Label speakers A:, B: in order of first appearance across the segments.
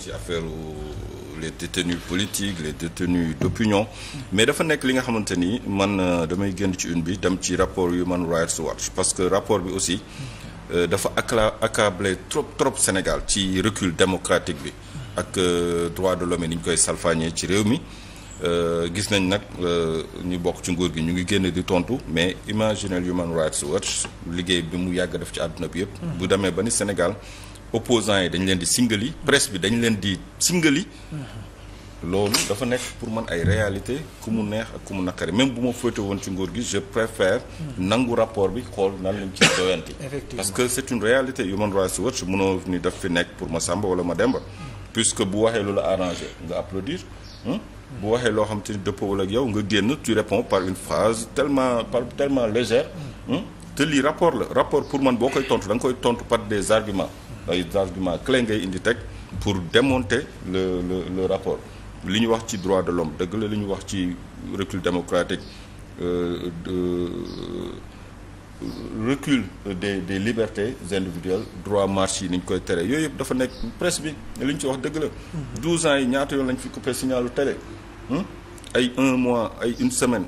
A: ci affaire les détenus politiques les détenus d'opinion mais dafa nekk li nga xamante ni man euh, damay génn ci une bi dem ci rapport Human Rights Watch parce que rapport bi aussi euh, dafa accla accablé trop trop Sénégal ci recul démocratique bi ak euh, droit de l'homme ni ñu koy salfaañee ci réew mi gis nañ nag ñu bokk ci nguur gi ñu ngi génn di tontu mais imaginer Human Rights Watch liggéey bi mu yàgg def ci àdduna bi yëpp hmm. bu demee ba ni Sénégal opposants yi dañ leen di singali presse bi dañ leen di singali loolu dafa nekk pour man ay réalité ku mu neex ak ku mu naqari même bu ma féete woon ci nguur gi je préfère nangu rapport bi xool nan lañ ci doyanti parce que c'est une réalité Human Rights Watch mënoo ni daf fi nekk pour ma Samba wala ma Demba puisque bu waxee lu la arrangé nga applaudir hmm? bu waxee loo xam te ni dëppoowul ak yow nga génn tu réponds par une phrase tellement par tellement légère hmm? te lii rapport rapport pour man boo koy tontu da koy tontu par des arguments ay arguments clés ngay indi teg pour démonter le rapport li ñu wax ci droit de l'homme dëgg la li ñu wax ci recul démocratique euh, de euh, recul des des libertés individuelles droit marche yi ni ñu koy tere yooyu yëpp dafa nekk presse bi li ñu ci wax dëgg la. 12 ans yi ñaata yoon lañ fi coupé signalu télé. Hmm? ay un mois ay une semaine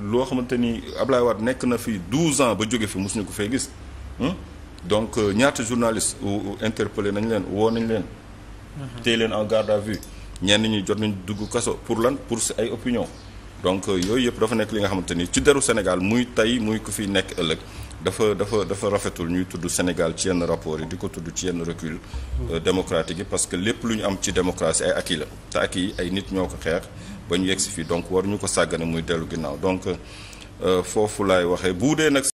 A: loo xamante ni Ablaye Wade nekk na fi 12 ans ba jóge fi mosuñu ko fee gis. Hmm? donc euh, ñaata journaliste interpellé nañ leen woo nañ leen. Mhm. téye leen en garde à vue ñenn ñi jot nañ dugg kaso pour lan pour si ay opinion donc euh, yooyu yëpp dafa nekk li nga xamante ni ci deru Sénégal muy tey muy ku fi nekk ëllëg dafa dafa dafa rafetul ñuy tudd Sénégal ci yenn rapport yi di ko tudd ci yenn recul. Euh, mhm. démocratique yi parce que lépp lu ñu am ci démocratie ay acquis la te acquis yi ay nit ñoo ko xeex ba ñu yegg si fii donc war ñu ko sàggane muy dellu ginnaaw donc foofu laay waxee bu dee nag.